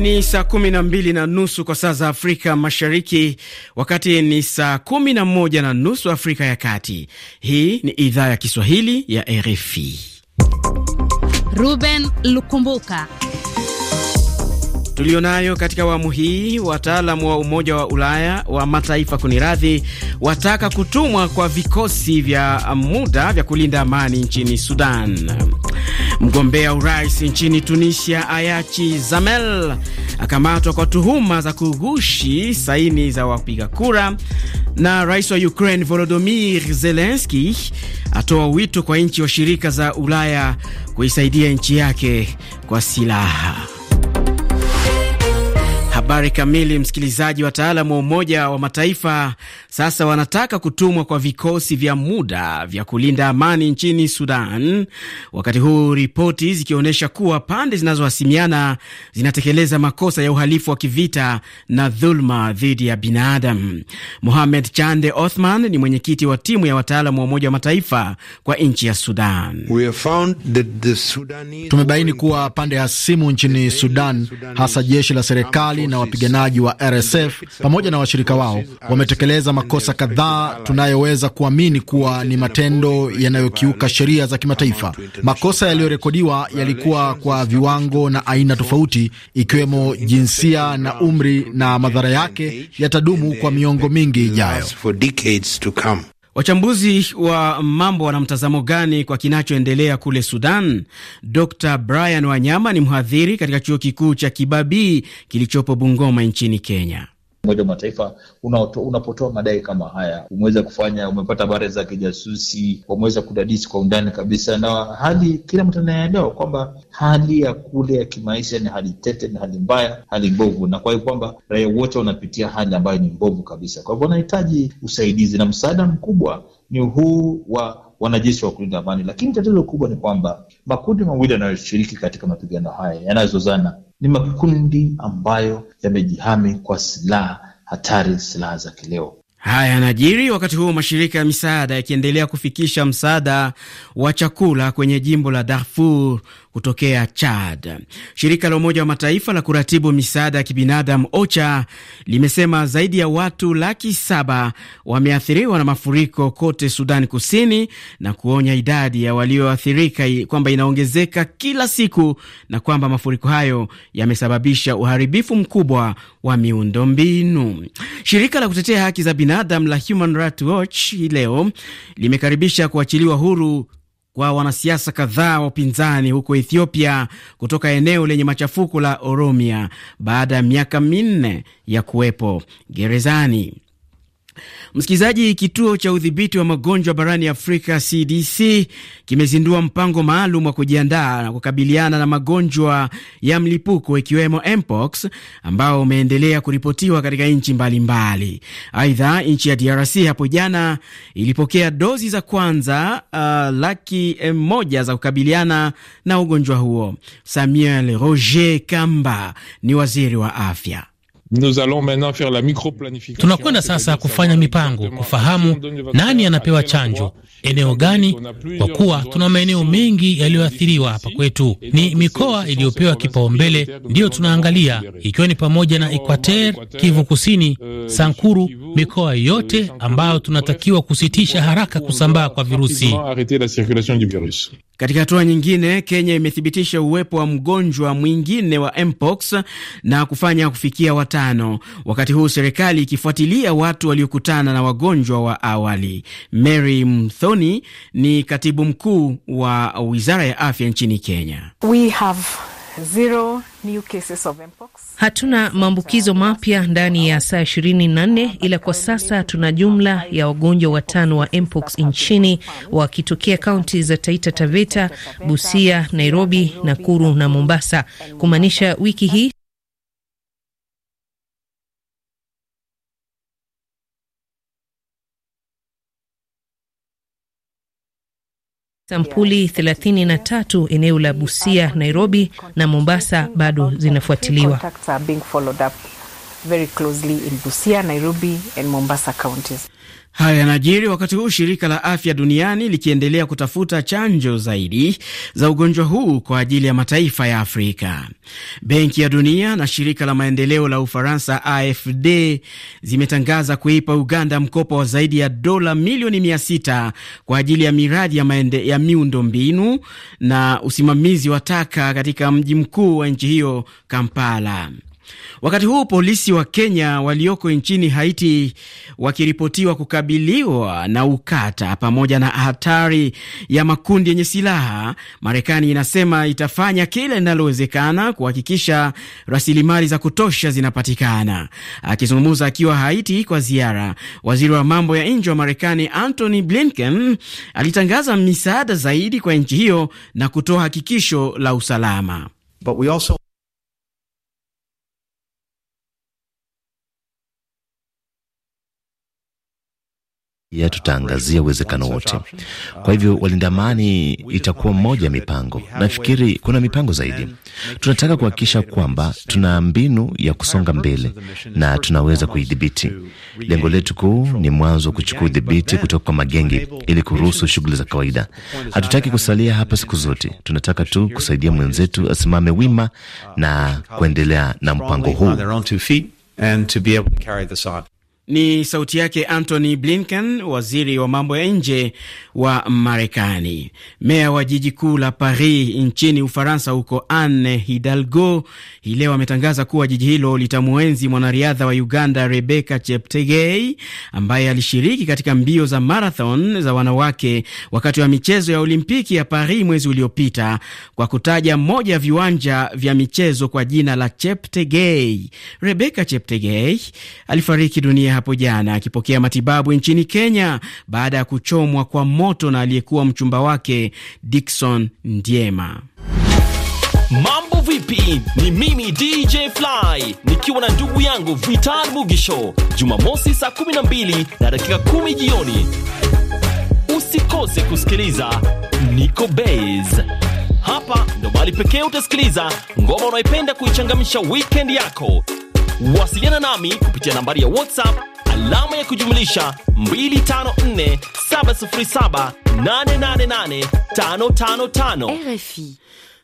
Ni saa kumi na mbili na nusu kwa saa za Afrika Mashariki, wakati ni saa kumi na moja na nusu Afrika ya Kati. Hii ni idhaa ya Kiswahili ya RFI. Ruben Lukumbuka tulionayo katika awamu hii. Wataalamu wa Umoja wa Ulaya wa mataifa kuni radhi wataka kutumwa kwa vikosi vya muda vya kulinda amani nchini Sudan. Mgombea urais nchini Tunisia Ayachi Zamel akamatwa kwa tuhuma za kugushi saini za wapiga kura, na rais wa Ukraine Volodymyr Zelensky atoa wito kwa nchi washirika za Ulaya kuisaidia nchi yake kwa silaha. Habari kamili, msikilizaji. Wataalamu wa Umoja wa Mataifa sasa wanataka kutumwa kwa vikosi vya muda vya kulinda amani nchini Sudan, wakati huu ripoti zikionyesha kuwa pande zinazohasimiana zinatekeleza makosa ya uhalifu wa kivita na dhuluma dhidi ya binadamu. Mohamed Chande Othman ni mwenyekiti wa timu ya wataalamu wa Umoja wa Mataifa kwa nchi ya Sudan. Tumebaini kuwa pande hasimu nchini Sudan, hasa jeshi la serikali na na wapiganaji wa RSF pamoja na washirika wao wametekeleza makosa kadhaa tunayoweza kuamini kuwa ni matendo yanayokiuka sheria za kimataifa. Makosa yaliyorekodiwa yalikuwa kwa viwango na aina tofauti, ikiwemo jinsia na umri, na madhara yake yatadumu kwa miongo mingi ijayo. Wachambuzi wa mambo wana mtazamo gani kwa kinachoendelea kule Sudan? Dr Brian Wanyama ni mhadhiri katika chuo kikuu cha Kibabii kilichopo Bungoma nchini Kenya. Umoja wa Mataifa unapotoa madai kama haya, umeweza kufanya, umepata habari za kijasusi, wameweza kudadisi kwa undani kabisa, na hali kila mtu anayeelewa kwamba hali ya kule ya kimaisha ni hali tete, ni hali mbaya, hali mbovu, na kwa hiyo kwamba raia wote wanapitia hali ambayo ni mbovu kabisa. Kwa hivyo wanahitaji usaidizi na msaada mkubwa ni huu wa wanajeshi wa kulinda amani, lakini tatizo kubwa ni kwamba makundi mawili yanayoshiriki katika mapigano haya yanayozozana ni makundi ambayo yamejihami kwa silaha hatari, silaha za kileo. Haya yanajiri wakati huo mashirika ya misaada yakiendelea kufikisha msaada wa chakula kwenye jimbo la Darfur kutokea Chad. Shirika la Umoja wa Mataifa la kuratibu misaada ya kibinadamu OCHA limesema zaidi ya watu laki saba wameathiriwa na mafuriko kote sudani Kusini na kuonya idadi ya walioathirika kwamba inaongezeka kila siku na kwamba mafuriko hayo yamesababisha uharibifu mkubwa wa miundombinu. Shirika la kutetea haki za binadamu la Human Rights Watch hii leo limekaribisha kuachiliwa huru kwa wanasiasa kadhaa wa upinzani huko Ethiopia kutoka eneo lenye machafuko la Oromia baada ya miaka minne ya kuwepo gerezani. Msikilizaji, kituo cha udhibiti wa magonjwa barani Afrika CDC kimezindua mpango maalum wa kujiandaa na kukabiliana na magonjwa ya mlipuko ikiwemo mpox ambao umeendelea kuripotiwa katika nchi mbalimbali. Aidha, nchi ya DRC hapo jana ilipokea dozi za kwanza uh, laki eh, moja za kukabiliana na ugonjwa huo. Samuel Roger Kamba ni waziri wa afya. Tunakwenda sasa kufanya mipango kufahamu nani anapewa chanjo eneo gani, kwa kuwa tuna maeneo mengi yaliyoathiriwa hapa kwetu. Ni mikoa iliyopewa kipaumbele ndiyo tunaangalia, ikiwa ni pamoja na Equateur, Kivu Kusini, euh, Sankuru, mikoa euh, yote ambayo tunatakiwa kusitisha haraka kusambaa kwa virusi. Katika hatua nyingine, Kenya imethibitisha uwepo wa mgonjwa mwingine wa mpox na kufanya kufikia watano, wakati huu serikali ikifuatilia watu waliokutana na wagonjwa wa awali. Mary Mthoni ni katibu mkuu wa wizara ya afya nchini Kenya. We have Zero new cases of mpox. Hatuna maambukizo mapya ndani ya saa 24 ila kwa sasa tuna jumla ya wagonjwa watano wa mpox nchini wakitokea kaunti za Taita Taveta, Busia, Nairobi, Nakuru na Mombasa, kumaanisha wiki hii Sampuli 33 eneo la Busia, Nairobi na Mombasa bado zinafuatiliwa. Very closely in Busia, Nairobi and Mombasa counties. Haya yanajiri wakati huu shirika la afya duniani likiendelea kutafuta chanjo zaidi za ugonjwa huu kwa ajili ya mataifa ya Afrika. Benki ya Dunia na shirika la maendeleo la Ufaransa AFD zimetangaza kuipa Uganda mkopo wa zaidi ya dola milioni mia sita kwa ajili ya miradi ya, ya miundo mbinu na usimamizi wa taka katika mji mkuu wa nchi hiyo Kampala. Wakati huu polisi wa Kenya walioko nchini Haiti wakiripotiwa kukabiliwa na ukata pamoja na hatari ya makundi yenye silaha, Marekani inasema itafanya kila linalowezekana kuhakikisha rasilimali za kutosha zinapatikana. Akizungumza akiwa Haiti kwa ziara, waziri wa mambo ya nje wa Marekani Antony Blinken alitangaza misaada zaidi kwa nchi hiyo na kutoa hakikisho la usalama. But we also pia tutaangazia uwezekano wote. Kwa hivyo walinda amani itakuwa mmoja ya mipango. Nafikiri kuna mipango zaidi. Tunataka kuhakikisha kwamba tuna mbinu ya kusonga mbele na tunaweza kuidhibiti. Lengo letu kuu ni mwanzo wa kuchukua udhibiti kutoka kwa magengi ili kuruhusu shughuli za kawaida. Hatutaki kusalia hapa siku zote, tunataka tu kusaidia mwenzetu asimame wima na kuendelea na mpango huu. Ni sauti yake Antony Blinken, waziri wa mambo ya nje wa Marekani. Meya wa jiji kuu la Paris nchini Ufaransa, huko Anne Hidalgo, hii leo ametangaza kuwa jiji hilo litamwenzi mwanariadha wa Uganda Rebecca Cheptegei ambaye alishiriki katika mbio za marathon za wanawake wakati wa michezo ya Olimpiki ya Paris mwezi uliopita, kwa kutaja moja ya viwanja vya michezo kwa jina la Cheptegei. Rebecca Cheptegei alifariki dunia hapo jana akipokea matibabu nchini Kenya baada ya kuchomwa kwa moto na aliyekuwa mchumba wake dikson Ndiema. Mambo vipi? Ni mimi DJ Fly nikiwa na ndugu yangu Vital Mugisho. Jumamosi saa 12 na dakika 10 jioni, usikose kusikiliza Niko bas Hapa ndo mahali pekee utasikiliza ngoma unaipenda kuichangamisha wikend yako. Wasiliana nami kupitia nambari ya WhatsApp alama ya kujumlisha 254 RFI.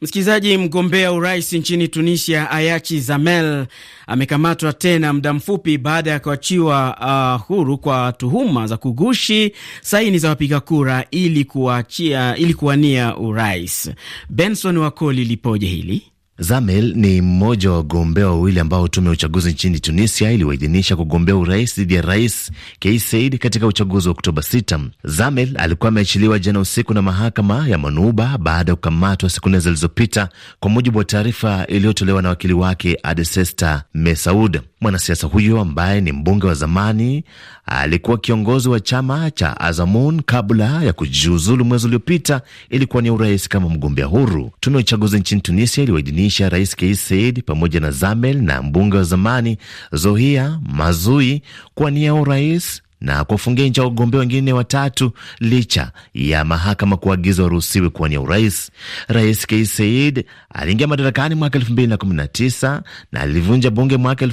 Msikilizaji, mgombea urais nchini Tunisia Ayachi Zamel amekamatwa tena muda mfupi baada ya kuachiwa uh, huru kwa tuhuma za kugushi saini za wapiga kura ili kuwania urais. Benson Wakoli, lipoje hili? Zamel ni mmoja wa wagombea wawili ambao tume ya uchaguzi nchini Tunisia iliwaidhinisha kugombea urais dhidi ya rais Kais Saied katika uchaguzi wa Oktoba 6. Zamel alikuwa ameachiliwa jana usiku na mahakama ya Manuba baada ya kukamatwa siku nne zilizopita, kwa mujibu wa taarifa iliyotolewa na wakili wake Adesesta Mesaud. Mwanasiasa huyo ambaye ni mbunge wa zamani alikuwa kiongozi wa chama cha Azamun kabla ya kujiuzulu mwezi uliopita, ilikuwa kuwania urais kama mgombea huru. Tume ya uchaguzi nchini Tunisia iliwaidhinisha kumwidhinisha Rais Kais Saied pamoja na Zamel na mbunge wa zamani Zohia Mazui kuwania urais na kuwafungia nje wagombea wengine watatu licha ya mahakama kuagiza waruhusiwe kuwania urais. Rais K Said aliingia madarakani mwaka mbili na alivunja bunge mwaka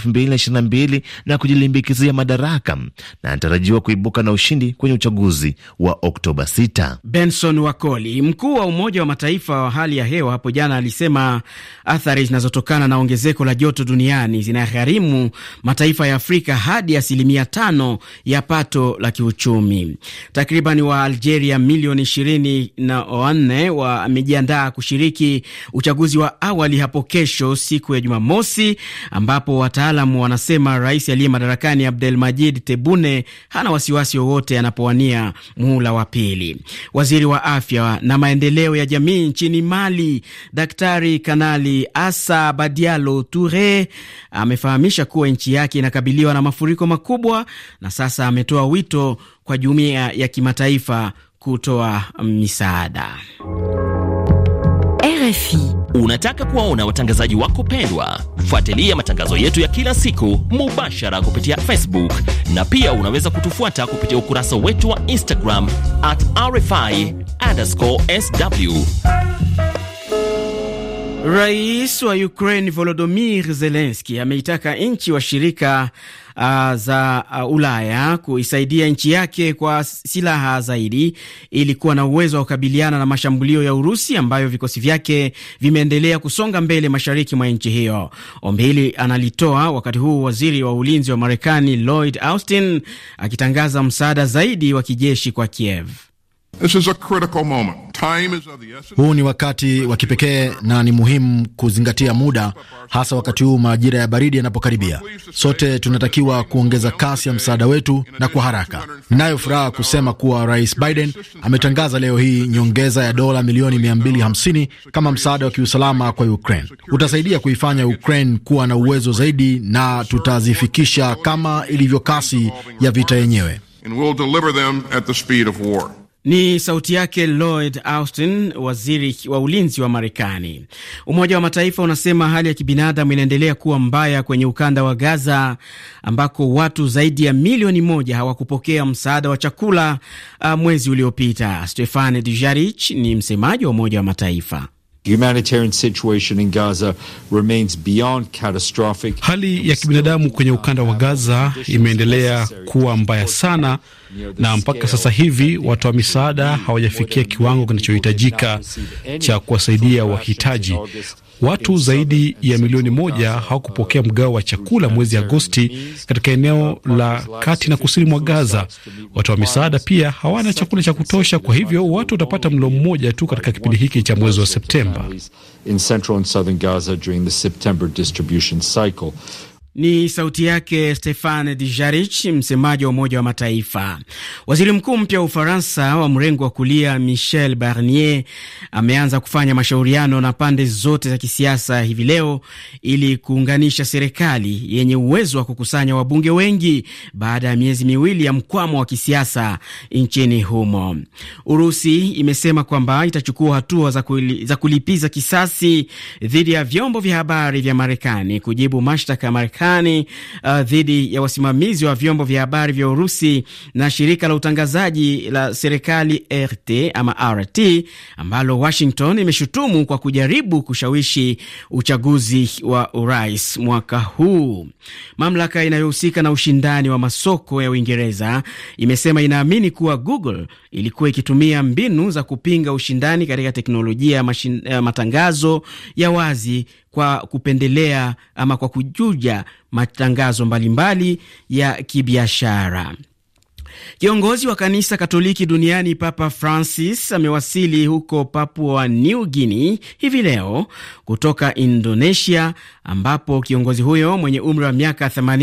mbili na kujilimbikizia madaraka na anatarajiwa kuibuka na ushindi kwenye uchaguzi wa Oktoba 6. Benson Wakoli, mkuu wa Umoja wa Mataifa wa hali ya hewa, hapo jana alisema athari zinazotokana na ongezeko la joto duniani zinagharimu mataifa ya Afrika hadi asilimia tano ya pato la kiuchumi. Takriban wa Algeria milioni ishirini na wanne wamejiandaa kushiriki uchaguzi wa awali hapo kesho, siku ya Jumamosi, ambapo wataalamu wanasema rais aliye madarakani abdel majid Tebune hana wasiwasi wowote anapowania muhula wa pili. Waziri wa afya na maendeleo ya jamii nchini Mali, Daktari Kanali Asa Badialo ture amefahamisha kuwa nchi yake inakabiliwa na mafuriko makubwa na sasa ame ametoa wito kwa jumuiya ya kimataifa kutoa misaada. RFI. Unataka kuwaona watangazaji wako pendwa? Fuatilia matangazo yetu ya kila siku mubashara kupitia Facebook na pia unaweza kutufuata kupitia ukurasa wetu wa Instagram at sw. Rais wa Ukraine Volodymyr Zelensky ameitaka nchi washirika uh, za uh, Ulaya kuisaidia nchi yake kwa silaha zaidi ili kuwa na uwezo wa kukabiliana na mashambulio ya Urusi ambayo vikosi vyake vimeendelea kusonga mbele mashariki mwa nchi hiyo. Ombi hili analitoa wakati huu waziri wa ulinzi wa Marekani Lloyd Austin akitangaza msaada zaidi wa kijeshi kwa Kiev. This is a critical moment. Huu ni wakati wa kipekee na ni muhimu kuzingatia muda, hasa wakati huu majira ya baridi yanapokaribia. Sote tunatakiwa kuongeza kasi ya msaada wetu na kwa haraka. Ninayo furaha kusema kuwa Rais Biden ametangaza leo hii nyongeza ya dola milioni 250 kama msaada wa kiusalama kwa Ukraine. Utasaidia kuifanya Ukraine kuwa na uwezo zaidi na tutazifikisha kama ilivyo kasi ya vita yenyewe. And we'll deliver them at the speed of war. Ni sauti yake Lloyd Austin, waziri wa ulinzi wa Marekani. Umoja wa Mataifa unasema hali ya kibinadamu inaendelea kuwa mbaya kwenye ukanda wa Gaza, ambako watu zaidi ya milioni moja hawakupokea msaada wa chakula uh, mwezi uliopita. Stefan Dujarric ni msemaji wa Umoja wa Mataifa. Hali ya kibinadamu kwenye ukanda wa Gaza imeendelea kuwa mbaya sana na mpaka sasa hivi watoa misaada hawajafikia kiwango kinachohitajika cha kuwasaidia wahitaji. Watu zaidi ya milioni moja hawakupokea mgao wa chakula mwezi Agosti katika eneo la kati na kusini mwa Gaza. Watu wa misaada pia hawana chakula cha kutosha, kwa hivyo watu watapata mlo mmoja tu katika kipindi hiki cha mwezi wa Septemba. Ni sauti yake Stefan Dijarich, msemaji wa Umoja wa Mataifa. Waziri mkuu mpya wa Ufaransa wa mrengo wa kulia Michel Barnier ameanza kufanya mashauriano na pande zote za kisiasa hivi leo ili kuunganisha serikali yenye uwezo wa kukusanya wabunge wengi baada ya miezi miwili ya mkwamo wa kisiasa nchini humo. Urusi imesema kwamba itachukua hatua za kulipiza kisasi dhidi ya vyombo vya habari vya Marekani kujibu mashtaka ya Marekani Marekani uh, dhidi ya wasimamizi wa vyombo vya habari vya Urusi na shirika la utangazaji la serikali RT ama RT ambalo Washington imeshutumu kwa kujaribu kushawishi uchaguzi wa urais mwaka huu. Mamlaka inayohusika na ushindani wa masoko ya Uingereza imesema inaamini kuwa Google ilikuwa ikitumia mbinu za kupinga ushindani katika teknolojia ya uh, matangazo ya wazi kwa kupendelea ama kwa kujuja matangazo mbalimbali ya kibiashara. Kiongozi wa kanisa Katoliki duniani Papa Francis amewasili huko Papua New Guinea hivi leo kutoka Indonesia, ambapo kiongozi huyo mwenye umri wa miaka